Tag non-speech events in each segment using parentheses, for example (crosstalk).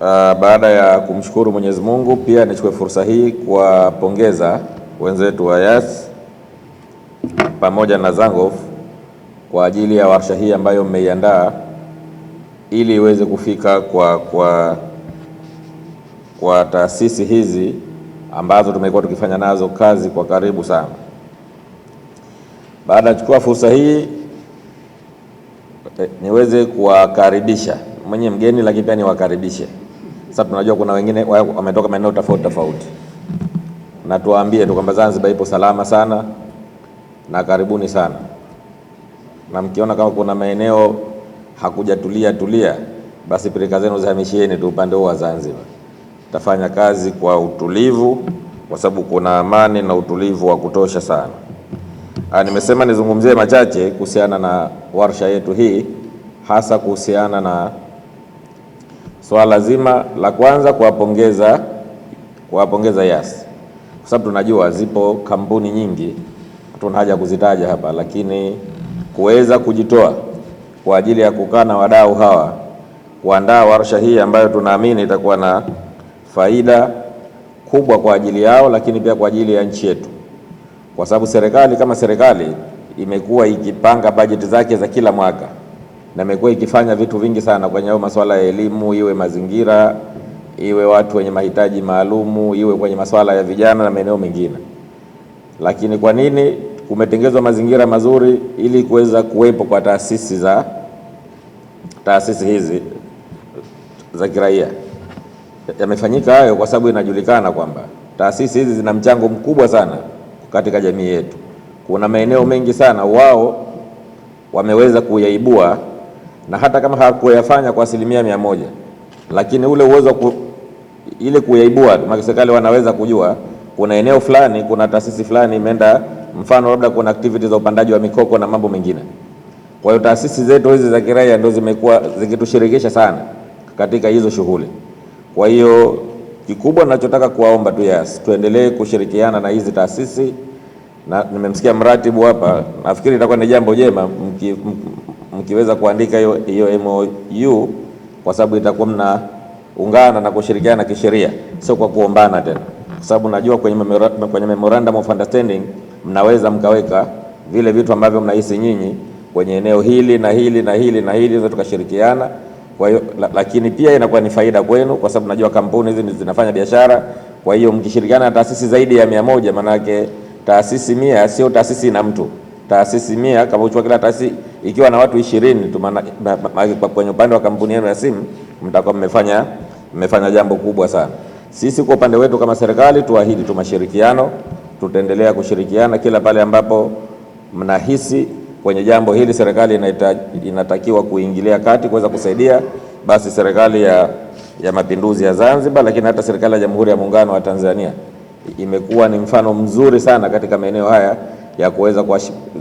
Ah, baada ya kumshukuru Mwenyezi Mungu, pia nichukue fursa hii kuwapongeza wenzetu wa Yas pamoja na Zangof kwa ajili ya warsha hii ambayo mmeiandaa ili iweze kufika kwa, kwa, kwa taasisi hizi ambazo tumekuwa tukifanya nazo kazi kwa karibu sana. Baada ya kuchukua fursa hii eh, niweze kuwakaribisha mwenye mgeni, lakini pia niwakaribishe sasa tunajua kuna wengine wametoka maeneo tofauti tofauti, na tuwaambie tu kwamba Zanzibar ipo salama sana na karibuni sana, na mkiona kama kuna maeneo hakujatulia tulia, basi pirika zenu zihamishieni tu upande huu wa Zanzibar. Tafanya kazi kwa utulivu, kwa sababu kuna amani na utulivu wa kutosha sana. Ha, ah, nimesema nizungumzie machache kuhusiana na warsha yetu hii hasa kuhusiana na swala so, zima la kwanza kuwapongeza kuwapongeza Yas kwa sababu tunajua zipo kampuni nyingi, hatuna haja kuzitaja hapa, lakini kuweza kujitoa kwa ajili ya kukaa na wadau hawa kuandaa warsha hii ambayo tunaamini itakuwa na faida kubwa kwa ajili yao, lakini pia kwa ajili ya nchi yetu, kwa sababu serikali kama serikali imekuwa ikipanga bajeti zake za kila mwaka na imekuwa ikifanya vitu vingi sana kwenye hayo masuala ya elimu, iwe mazingira, iwe watu wenye mahitaji maalumu, iwe kwenye masuala ya vijana na maeneo mengine. Lakini kwa nini kumetengezwa mazingira mazuri ili kuweza kuwepo kwa taasisi za taasisi hizi za kiraia? Yamefanyika hayo kwa sababu inajulikana kwamba taasisi hizi zina mchango mkubwa sana katika jamii yetu. Kuna maeneo mengi sana wao wameweza kuyaibua na hata kama hakuyafanya kwa asilimia mia moja, lakini ule uwezo ku, ile kuyaibua, serikali wanaweza kujua kuna eneo fulani, kuna taasisi fulani imeenda, mfano labda kuna activities za upandaji wa mikoko na mambo mengine. Kwa hiyo taasisi zetu hizi za kiraia ndio zimekuwa zikitushirikisha sana katika hizo shughuli. Kwa hiyo kikubwa nachotaka kuwaomba tu yes, tuendelee kushirikiana na hizi taasisi na nimemsikia mratibu hapa, nafikiri itakuwa ni jambo jema mki, mkiweza kuandika hiyo hiyo MOU, kwa sababu itakuwa mnaungana na kushirikiana kisheria, sio kwa kuombana tena, kwa sababu najua kwenye memorandum, kwenye memorandum of understanding mnaweza mkaweka vile vitu ambavyo mnahisi nyinyi kwenye eneo hili na hili na hili na hili, zote tukashirikiana. Kwa hiyo lakini pia inakuwa ni faida kwenu, kwa sababu najua kampuni hizi zinafanya biashara. Kwa hiyo mkishirikiana na taasisi zaidi ya mia moja, maanake taasisi mia sio taasisi na mtu, taasisi mia kama uchukua kila taasisi ikiwa na watu ishirini tu, maana kwenye upande wa kampuni yenu ya simu mtakuwa mmefanya mmefanya jambo kubwa sana. Sisi kwa upande wetu kama serikali tuahidi tu mashirikiano, tutaendelea kushirikiana kila pale ambapo mnahisi kwenye jambo hili serikali inatakiwa kuingilia kati kuweza kusaidia, basi serikali ya, ya mapinduzi ya Zanzibar, lakini hata serikali ya Jamhuri ya Muungano wa Tanzania imekuwa ni mfano mzuri sana katika maeneo haya ya kuweza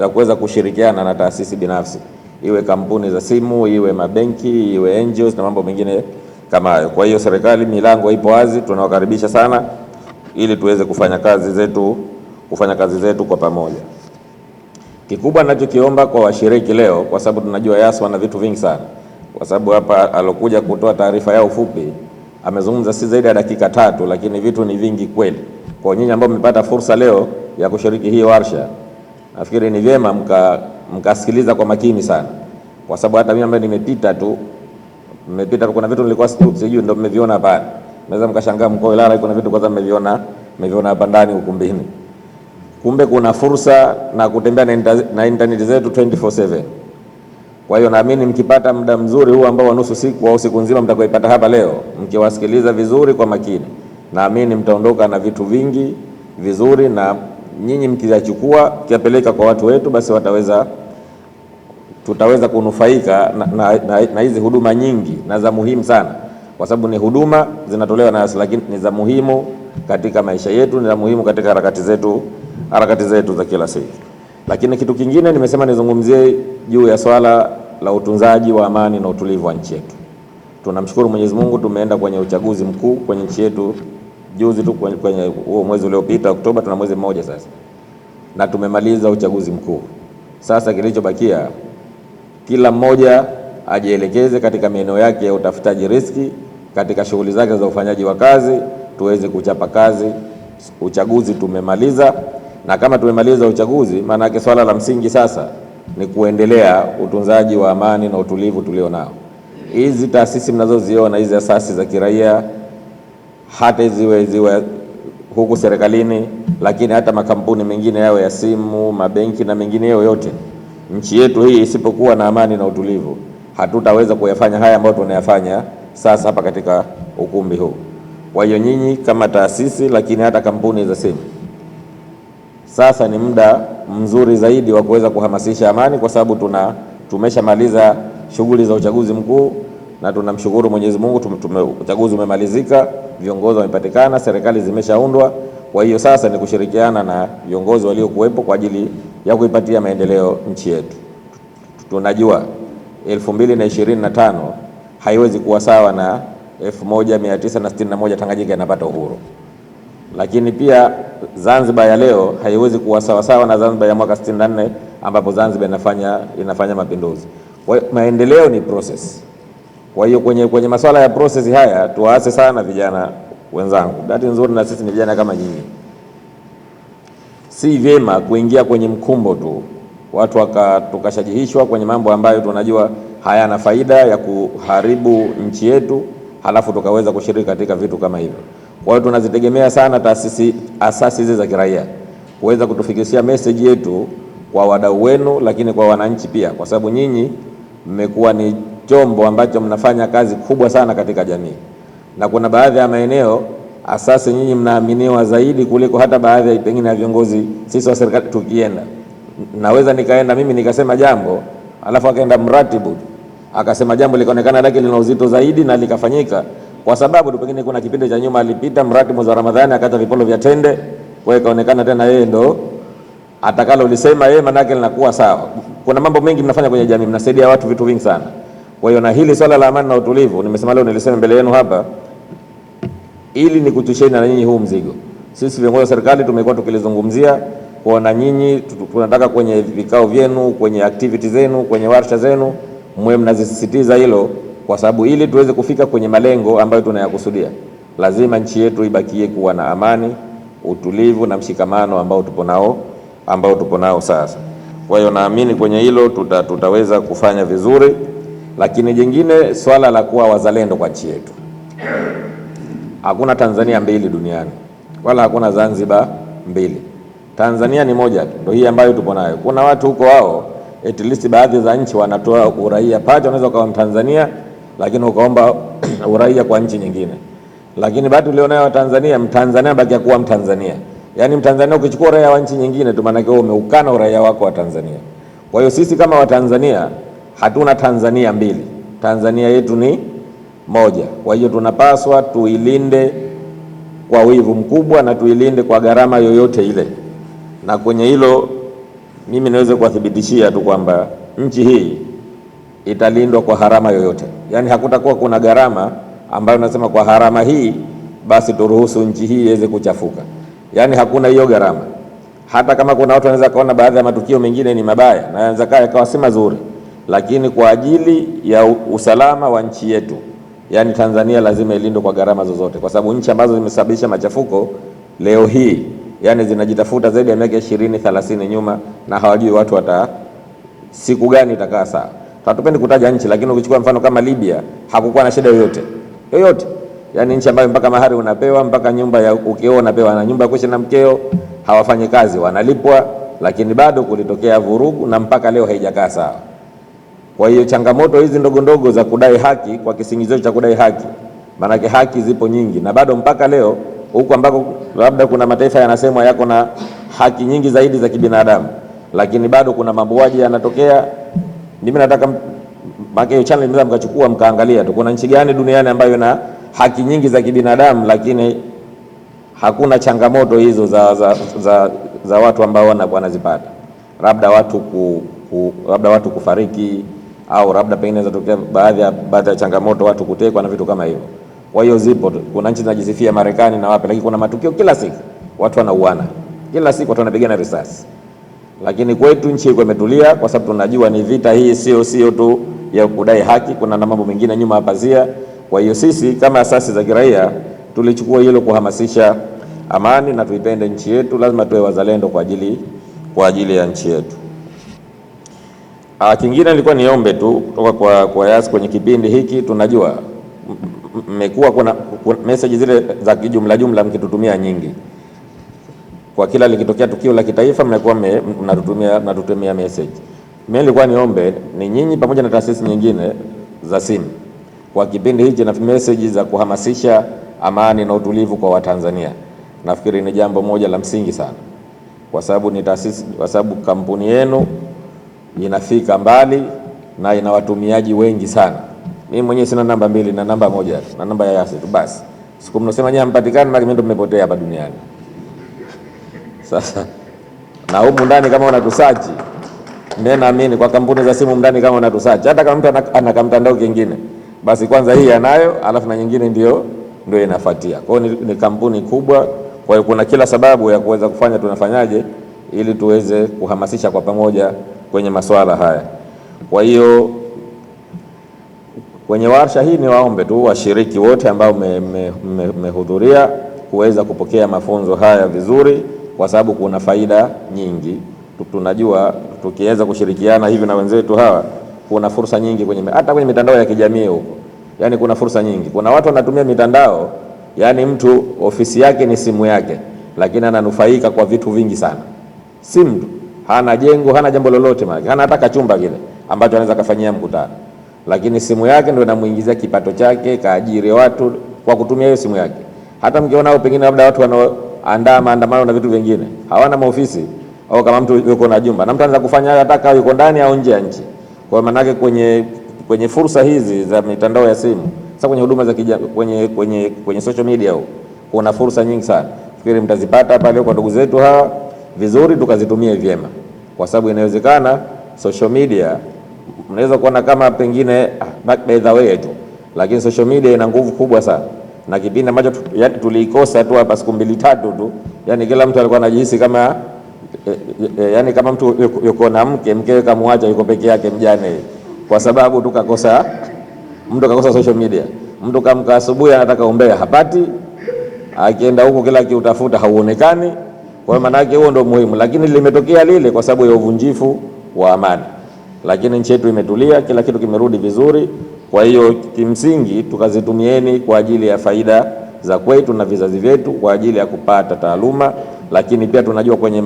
ya kuweza kushirikiana na taasisi binafsi, iwe kampuni za simu, iwe mabenki, iwe NGOs na mambo mengine kama hayo. Kwa hiyo serikali, milango ipo wazi, tunawakaribisha sana ili tuweze kufanya kazi zetu kufanya kazi zetu kwa pamoja. Kikubwa ninachokiomba kwa washiriki leo, kwa sababu tunajua Yas wana vitu vingi sana, kwa sababu hapa alokuja kutoa taarifa yao fupi amezungumza si zaidi ya dakika tatu, lakini vitu ni vingi kweli. Kwa nyinyi ambao mmepata fursa leo ya kushiriki hii warsha nafikiri ni vyema mkasikiliza kwa makini sana, kwa sababu hata mimi ambaye nimepita tu nimepita kuna vitu nilikuwa sijui, ndio mmeviona hapa. Naweza mkashangaa mkoa Ilala, kuna vitu kwanza mmeviona mmeviona hapa ndani ukumbini. Kumbe kuna fursa na kutembea na internet zetu 24/7. Kwa hiyo naamini mkipata muda mzuri huu ambao nusu siku au siku nzima mtakaoipata hapa leo, mkiwasikiliza vizuri kwa makini, naamini mtaondoka na vitu vingi vizuri na nyinyi mkiyachukua mkiyapeleka kwa watu wetu, basi wataweza tutaweza kunufaika na, na, na, na hizi huduma nyingi na za muhimu sana, kwa sababu ni huduma zinatolewa na lakini ni za muhimu katika maisha yetu, ni za muhimu katika harakati zetu, harakati zetu za kila siku. Lakini kitu kingine nimesema nizungumzie juu ya swala la utunzaji wa amani na utulivu wa nchi yetu. Tunamshukuru Mwenyezi Mungu, tumeenda kwenye uchaguzi mkuu kwenye nchi yetu juzi tu kwenye huo mwezi uliopita Oktoba, tuna mwezi mmoja sasa na tumemaliza uchaguzi mkuu. Sasa kilichobakia kila mmoja ajielekeze katika maeneo yake ya utafutaji riski, katika shughuli zake za ufanyaji wa kazi, tuweze kuchapa kazi. Uchaguzi tumemaliza, na kama tumemaliza uchaguzi, maana yake swala la msingi sasa ni kuendelea utunzaji wa amani na utulivu tulio nao. Hizi taasisi mnazoziona hizi asasi za kiraia hata ziwe ziwe huku serikalini, lakini hata makampuni mengine yao ya simu, mabenki na mengine yote. Nchi yetu hii isipokuwa na amani na utulivu, hatutaweza kuyafanya haya ambayo tunayafanya sasa hapa katika ukumbi huu. Kwa hiyo nyinyi kama taasisi, lakini hata kampuni za simu, sasa ni muda mzuri zaidi wa kuweza kuhamasisha amani, kwa sababu tuna tumeshamaliza shughuli za uchaguzi mkuu na tunamshukuru Mwenyezi Mungu, uchaguzi umemalizika, viongozi wamepatikana, serikali zimeshaundwa. Kwa hiyo sasa ni kushirikiana na viongozi waliokuwepo kwa ajili ya kuipatia maendeleo nchi yetu. Tunajua 2025 haiwezi kuwa sawa na 1961 Tanganyika inapata uhuru, lakini pia Zanzibar ya leo haiwezi kuwa sawa sawa na Zanzibar ya mwaka 64 ambapo Zanzibar inafanya, inafanya mapinduzi. Maendeleo ni process. Kwa hiyo kwenye, kwenye masuala ya process haya tuwaase sana vijana wenzangu, bahati nzuri na sisi ni vijana kama nyinyi. Si vyema kuingia kwenye mkumbo tu watu tukashajihishwa kwenye mambo ambayo tunajua hayana faida ya kuharibu nchi yetu, halafu tukaweza kushiriki katika vitu kama hivyo. Kwa hiyo tunazitegemea sana taasisi, asasi hizi za kiraia kuweza kutufikishia meseji yetu kwa wadau wenu, lakini kwa wananchi pia, kwa sababu nyinyi mmekuwa ni chombo ambacho mnafanya kazi kubwa sana katika jamii, na kuna baadhi ya maeneo asasi nyinyi mnaaminiwa zaidi kuliko hata baadhi ya pengine ya viongozi sisi wa serikali. Tukienda naweza nikaenda mimi nikasema jambo, alafu akaenda mratibu akasema jambo likaonekana lake lina uzito zaidi na likafanyika, kwa sababu pengine kuna kipindi cha nyuma alipita mratibu za Ramadhani akata vipolo vya tende, kwa hiyo ikaonekana tena yeye ndo atakalo lisema yeye, manake linakuwa sawa. Kuna mambo mengi mnafanya kwenye jamii, mnasaidia watu vitu vingi sana. Kwa hiyo na hili swala la amani na utulivu, nimesema leo, nilisema mbele yenu hapa, ili nikutusheni na nyinyi huu mzigo. Sisi viongozi wa serikali tumekuwa tukilizungumzia kwa, na nyinyi tunataka kwenye vikao vyenu, kwenye activity zenu, kwenye warsha zenu, mwe mnazisisitiza hilo, kwa sababu ili tuweze kufika kwenye malengo ambayo tunayakusudia, lazima nchi yetu ibakie kuwa na amani, utulivu na mshikamano ambao tupo nao ambao tupo nao sasa. Kwa hiyo naamini kwenye hilo tuta, tutaweza kufanya vizuri. Lakini jingine swala la kuwa wazalendo kwa nchi yetu. Hakuna Tanzania mbili duniani wala hakuna Zanzibar mbili. Tanzania ni moja tu, ndio hii ambayo tupo nayo. Kuna watu huko wao, at least baadhi za nchi wanatoa uraia pacha, unaweza ukawa Mtanzania lakini ukaomba (clears throat) uraia kwa nchi nyingine, lakini bado leo nayo Tanzania, Mtanzania baki kuwa Mtanzania. Yaani Mtanzania ukichukua uraia wa nchi nyingine tu, maana yake umeukana uraia wako wa Tanzania. Kwa hiyo sisi kama Watanzania hatuna Tanzania mbili, Tanzania yetu ni moja. Kwa hiyo tunapaswa tuilinde kwa wivu mkubwa na tuilinde kwa gharama yoyote ile, na kwenye hilo mimi naweza kuwathibitishia tu kwamba nchi hii italindwa kwa harama yoyote, yaani hakutakuwa kuna gharama ambayo nasema kwa harama hii basi turuhusu nchi hii iweze kuchafuka, yaani hakuna hiyo gharama. Hata kama kuna watu wanaweza kaona baadhi ya matukio mengine ni mabaya na yanaweza kaa yakawa si mazuri lakini kwa ajili ya usalama wa nchi yetu, yaani Tanzania lazima ilindwe kwa gharama zozote, kwa sababu nchi ambazo zimesababisha machafuko leo hii yani zinajitafuta zaidi ya miaka 20 30 nyuma, na hawajui watu wata siku gani itakaa sawa. Hatupendi kutaja nchi, lakini ukichukua mfano kama Libya hakukuwa na shida yoyote yoyote, yani nchi ambayo mpaka mahari unapewa mpaka nyumba ya ukeo unapewa na nyumba ya kuishi na mkeo, hawafanyi kazi wanalipwa, lakini bado kulitokea vurugu na mpaka leo haijakaa sawa. Kwa hiyo changamoto hizi ndogo ndogo za kudai haki kwa kisingizio cha kudai haki, maanake haki zipo nyingi, na bado mpaka leo huku ambako labda kuna mataifa yanasemwa yako na haki nyingi zaidi za kibinadamu, lakini bado kuna mabuaji yanatokea. Mimi nataka hiyo channel mnaweza mkachukua mkaangalia tu, kuna nchi gani duniani ambayo ina haki nyingi za kibinadamu, lakini hakuna changamoto hizo za, za, za, za watu ambao wanazipata, labda watu ku, ku, labda watu kufariki au labda pengine zinatokea baadhi ya baadhi ya changamoto, watu kutekwa na vitu kama hivyo. Kwa hiyo zipo, kuna nchi zinajisifia Marekani na wapi, lakini kuna matukio kila siku, watu wanauana kila siku, watu wanapigana risasi. Lakini kwetu nchi iko imetulia, kwa sababu tunajua ni vita hii, sio sio tu ya kudai haki, kuna na mambo mengine nyuma ya pazia. Kwa hiyo sisi kama asasi za kiraia tulichukua hilo kuhamasisha amani na tuipende nchi yetu, lazima tuwe wazalendo kwa ajili kwa ajili ya nchi yetu. Ah, kingine nilikuwa niombe tu kutoka kwa kwa Yas kwenye kipindi hiki, tunajua mmekuwa kuna, kuna message zile za kijumla jumla mkitutumia nyingi kwa kila likitokea tukio la kitaifa mmekuwa mnatutumia mnatutumia message. Mimi nilikuwa niombe ni nyinyi pamoja na taasisi nyingine za simu kwa kipindi hiki na message za kuhamasisha amani na utulivu kwa Watanzania. Nafikiri ni jambo moja la msingi sana, kwa sababu ni taasisi, kwa sababu kampuni yenu inafika mbali na ina watumiaji wengi sana. Mimi mwenyewe sina namba mbili na namba moja na namba ya Yasi tu basi. Siku mnasema nyinyi mpatikani, mimi ndo mmepotea hapa duniani. Sasa na humu ndani kama unatusachi, mimi naamini kwa kampuni za simu ndani kama unatusachi, hata kama mtu ana kamtandao kingine, basi kwanza hii anayo, alafu na nyingine ndio ndio inafuatia. Kwa hiyo ni kampuni kubwa, kwa hiyo kuna kila sababu ya kuweza kufanya tunafanyaje ili tuweze kuhamasisha kwa pamoja kwenye masuala haya. Kwa hiyo kwenye warsha hii ni waombe tu washiriki wote ambao mmehudhuria me, me, kuweza kupokea mafunzo haya vizuri, kwa sababu kuna faida nyingi. Tunajua tukiweza kushirikiana hivi na wenzetu hawa, kuna fursa nyingi kwenye hata kwenye mitandao ya kijamii huko, yani kuna fursa nyingi. Kuna watu wanatumia mitandao, yani mtu ofisi yake ni simu yake, lakini ananufaika kwa vitu vingi sana, simu hana jengo, hana jambo lolote, maana hana hata kachumba kile ambacho anaweza kafanyia mkutano, lakini simu yake ndio inamuingizia kipato chake, kaajiri watu kwa kutumia hiyo simu yake. Hata mkionao pengine labda watu wanaoandaa maandamano na vitu vingine hawana maofisi au kama mtu yuko na jumba na mtu anaweza kufanya hata kama yuko ndani au nje ya nchi. Kwa maana yake kwenye kwenye fursa hizi za mitandao ya simu sasa, kwenye huduma za kijamii, kwenye kwenye kwenye social media huko kuna fursa nyingi sana, fikiri mtazipata pale kwa ndugu zetu hawa vizuri, tukazitumie vyema kwa sababu inawezekana social media mnaweza kuona kama pengine ah, by the way tu, lakini social media ina nguvu kubwa sana, na kipindi ambacho yani tuliikosa tu hapa siku mbili tatu tu, yani kila mtu alikuwa anajihisi kama e, e, yani kama mtu yuko na mke, mkewe kamwacha, yuko peke yake mjane, kwa sababu tukakosa mtu kakosa social media. Mtu kamka asubuhi anataka umbea hapati, akienda huko kila kiutafuta hauonekani. Kwa hiyo maanake huo ndio muhimu, lakini limetokea lile kwa sababu ya uvunjifu wa amani, lakini nchi yetu imetulia, kila kitu kimerudi vizuri. Kwa hiyo kimsingi, tukazitumieni kwa ajili ya faida za kwetu na vizazi vyetu, kwa ajili ya kupata taaluma, lakini pia tunajua kwenye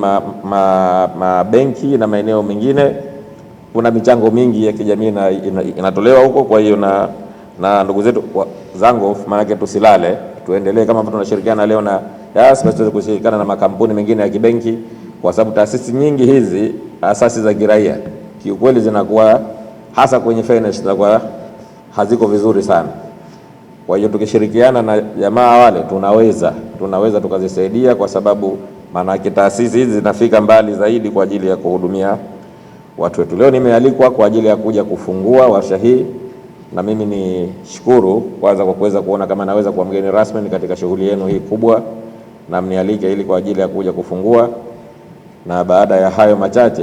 mabenki ma, ma na maeneo mengine kuna michango mingi ya kijamii inatolewa ina, huko. Kwa hiyo na, na ndugu zetu zangu, maanake tusilale, tuendelee kama tunashirikiana leo na basi tuweze kushirikiana na makampuni mengine ya kibenki, kwa sababu taasisi nyingi hizi, asasi za kiraia, kiukweli zinakuwa hasa kwenye finance zinakuwa haziko vizuri sana. Kwa hiyo tukishirikiana na jamaa wale tunaweza tunaweza tukazisaidia, kwa sababu maanake taasisi hizi zinafika mbali zaidi kwa ajili ya kuhudumia watu wetu. Leo nimealikwa kwa ajili ya kuja kufungua warsha hii, na mimi ni shukuru kwanza kwa kuweza kuona kama naweza kuwa mgeni rasmi katika shughuli yenu hii kubwa na mnialike ili kwa ajili ya kuja kufungua, na baada ya hayo machache